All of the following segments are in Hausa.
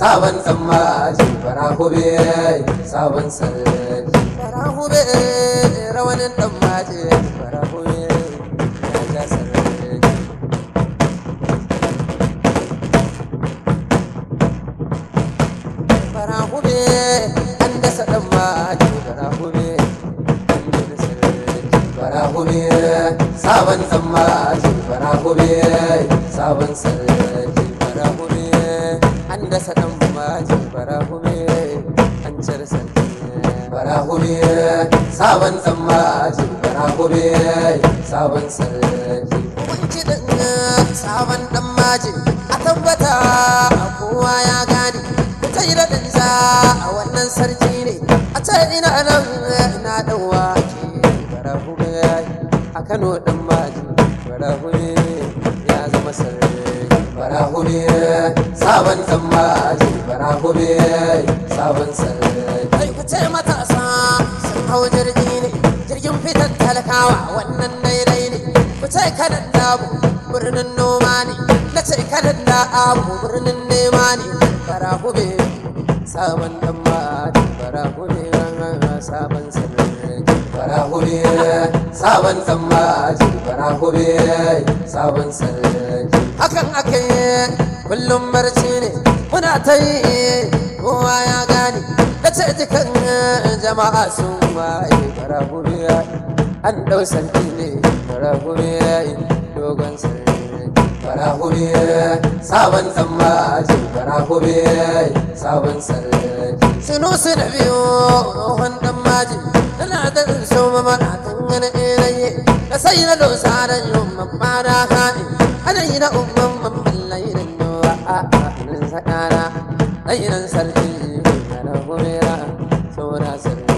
sabon tsammaci fara hube sabon sarari fara hube rawanin tsammaci fara hube ya ja sarari fara hube an dasa tsammaci fara hube fara hube sabon tsammaci fara hube sabon sarari dasa ɗan bumaji barahume an car santi barahume sabon tsammaji barahume sabon sarki hukunci din sabon dan maji a tabbata kowa ya gane ta yi daɗin za a wannan sarki ne a can ina nan na ɗan wake barahume a kano dan maji barahume sammaji bana gobe sabon sarari kai ku ce matasa sun hau jirgi ne jirgin fitar talakawa wannan daidai ne ku ce kanan dabu birnin noma ne na ce kanan da abu birnin nema ne bara gobe sabon dan ma'adi bara gobe sabon sarari bara gobe sabon sammaji bara gobe sabon sarari hakan aka kullum barci ne muna ta yi kowa ya gane da ce jikan eh, jama'a sun waye fara ya an ɗau sarki ne fara ya yi dogon sarki fara ya sabon tamba ce fara ya yi sabon sarki sunu su na biyu ohun dan maji tana da so mamana tangana ilaye da sai na dosa da yamma fara haɗe ana yi na umma ɗayan sarki na hurera saura sarki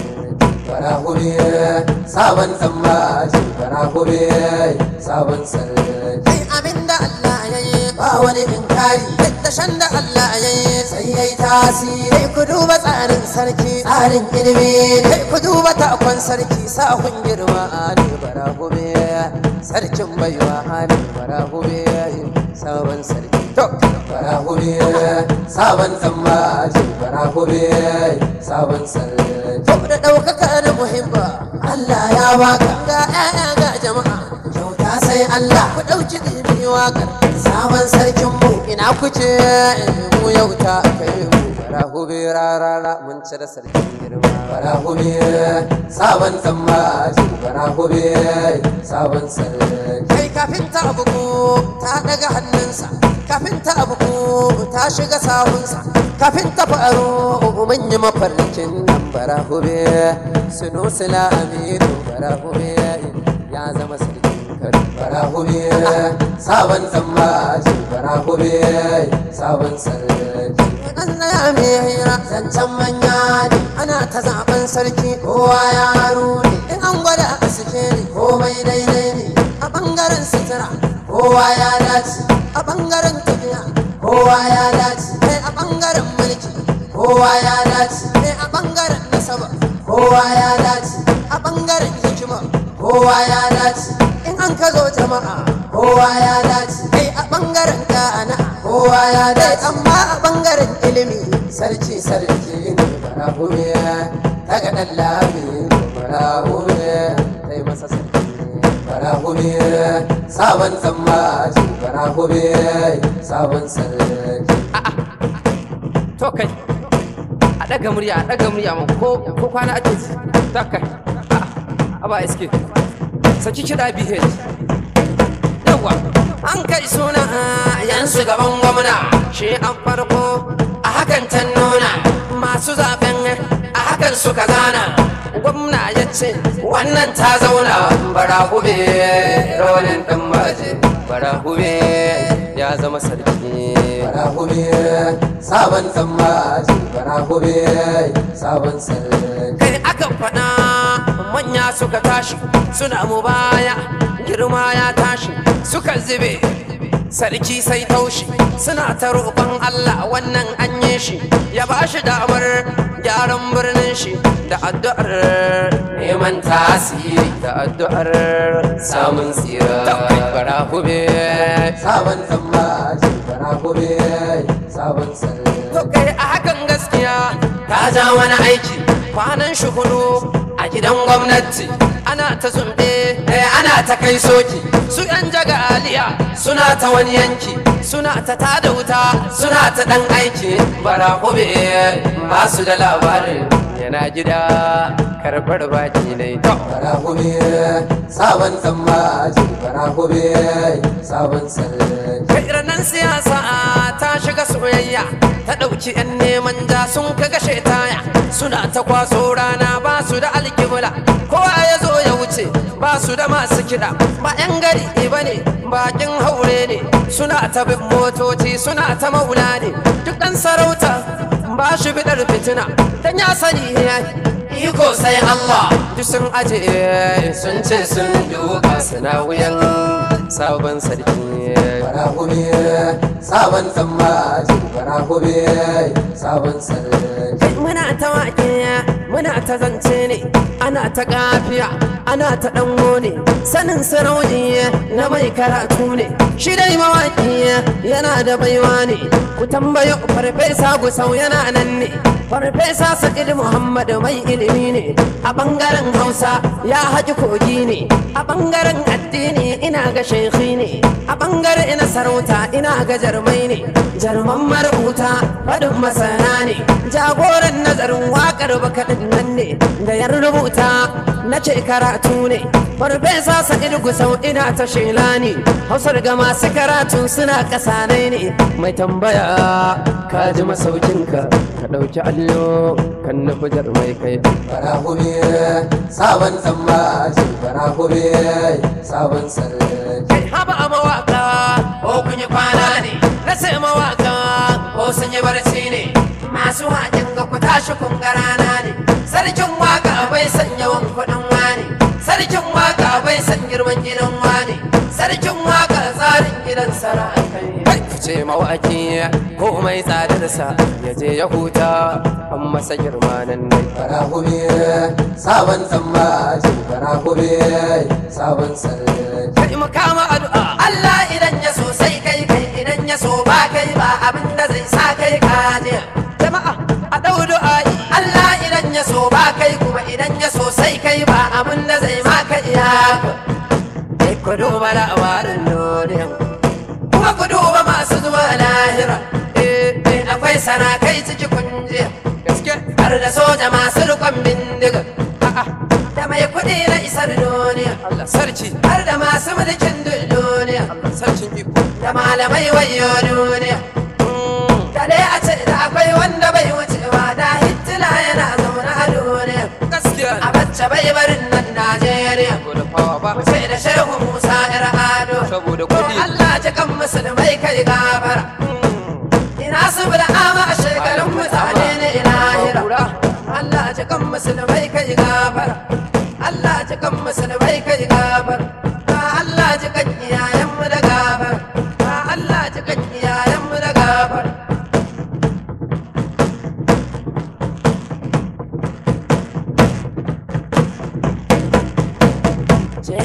fara hurera sabon tamba ce fara hurera sabon sarki ai abin da Allah ya yi ba wani inkari yadda shan da Allah ya yi sai ya yi tasiri ku duba tsarin sarki tsarin ilimi kai ku duba takon sarki sahun girma ne fara hurera sarkin baiwa hali barahube sabon sarki to barahube sabon zamba ce barahube sabon sarki to da daukaka na muhimma Allah ya baka ga ƴaƴa ga jama'a kyauta sai Allah ku ɗauki ɗimi waƙar sabon sarkin mu ina kuce eh, mu yauta kai mu barahubera rana mun ci sarkin girma barahubera sabon tsammaji barahubera sabon sarki kai kafin ta daga hannunsa kafin ta ta shiga sahunsa kafin ta faru mun yi mafarkin nan barahubera sunusila aminu ya zama sarkin sabon sabon sarki Allah mai hira zancen manya ne ana ta zaben sarki kowa ya ne in an gwada a suke ne komai daidai ne a bangaren sutura kowa ya dace a bangaren tafiya kowa ya dace kai a bangaren mulki kowa ya dace kai a bangaren nasaba kowa ya dace a bangaren hikima kowa ya dace in an ka zo jama'a kowa ya dace kai a bangaren ka'ana kowa ya dace rahume daga dan rahume sai masa sarki rahume sabon rahume sabon sarki to kai a daga murya a daga murya man ko ko kwana ake ji kai a ba iske saki yawa an kai suna yan shugaban gwamna shi an farko a hakan ta nuna masu zaben a hakan suka gana gwamna ya ce wannan ta zauna bara gube rawanin dan maje bara gube ya zama sarki bara gube sabon dan maje bara gube sabon sarki kai aka fada manya suka tashi suna baya girma ya tashi suka zube sarki sai taushi suna ta roƙon Allah wannan an yi shi ya ba shi damar gyaran birnin shi da addu'ar neman tasiri da addu'ar samun tsira bara hube sabon tambaci bara hube sabon sarari to kai a hakan gaskiya ta ja wani aiki kwanan shi hudu a gidan gwamnati ana ta zumbe ta kai soki su yan jaga aliya suna ta wani yanki suna ta tada wuta suna ta dan aiki bara kube ba su da labarin yana gida karbar baki ne bara kube sabon tsammaci bara kube sabon sarari ranan siyasa ta shiga soyayya ta ɗauki 'yan neman da sun kaga shetaya suna ta kwaso rana ba su da alkibla kowa ya zo ya wuce ba su da masu kiɗa ba 'yan gari ba ne bakin haure ne suna ta bin motoci suna ta maula ne duk ɗan sarauta ba shi bidar fitina ta ya sani ya iko sai Allah duk sun aje sun ce sun duka suna wuyan sabon sarki barahumi sabon tsammaji barahumi sabon sarki muna ta wake, muna ta zance ne ana ta kafiya ana ta dango ne sanin sarauni na mai karatu ne shi dai mawaki yana da baiwa ne ku tambayo farfesa gusau yana nan ne farfesa sa'id muhammad mai ilimi ne a bangaren hausa ya haji kogi ne a bangaren addini ina ga shekhi ne a bangare ina sarauta ina ga jarmai ne jarman marubuta faɗin masana ne jagoran nazarin waƙar bakaɗin nan ne da yar rubuta makaranta na ce karatu ne farfesa sa'id sau ina ta shela ne hausar ga masu karatu suna kasanai ne mai tambaya ka ji masaukinka ka ɗauki allo kan na nufi mai kai farahube sabon tsamma ce farahube sabon sarari kai haba a mawaka ko kun yi kwana ne na sai mawaka ko sun yi barci ne masu wajen ga ku tashi kun garana ne sarkin bai san yawan kuɗin wane sarkin waka bai san girman gidan wane sarkin waka tsarin gidan sara'akai ce fice mawaki komai tsadarsa ya je ya huta an masa girma nan dai fara gobe sabon tsammaci fara gobe sabon sarari kai makama addu'a Allah idan ya so sai kai kai idan ya so ba kai ba abin da zai sa kai kaje ku ne ku duba labarin duniya kuma ku duba masu zuwa lahira eh, eh akwai sarakai ciki kunjiya har da soja masu rukun bindiga da mai kuɗi na isar duniya har da masu mulkin duniya da malamai wayo duniya mm. da dai a ce da akwai wanda bai wucewa da hitila yana zaune a duniya a bacce bai barin ba sai da shehu musa yar ado saboda kudi Allah ji kan musulmai kai gabara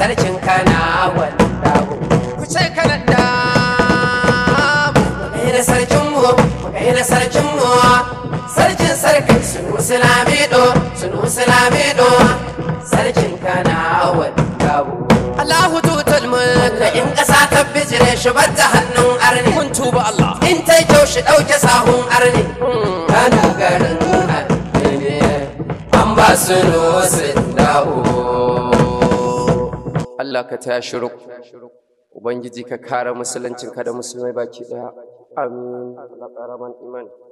sarkin kana wanda ku ce kana da mu sarkin mu mu sarkin mu sarkin sarkin sunu sulamido sunu sulamido sarkin kana wanda Allahu tutul mulka in kasa ta bijire shi batta hannun arni kun tuba Allah in ta kyau shi dauke sahun arni hmm. kana garin an ba su nusin da'u Allah ka ta shiru ubangiji ka kare musuluncin ka da musulmai baki daya amin Allah imani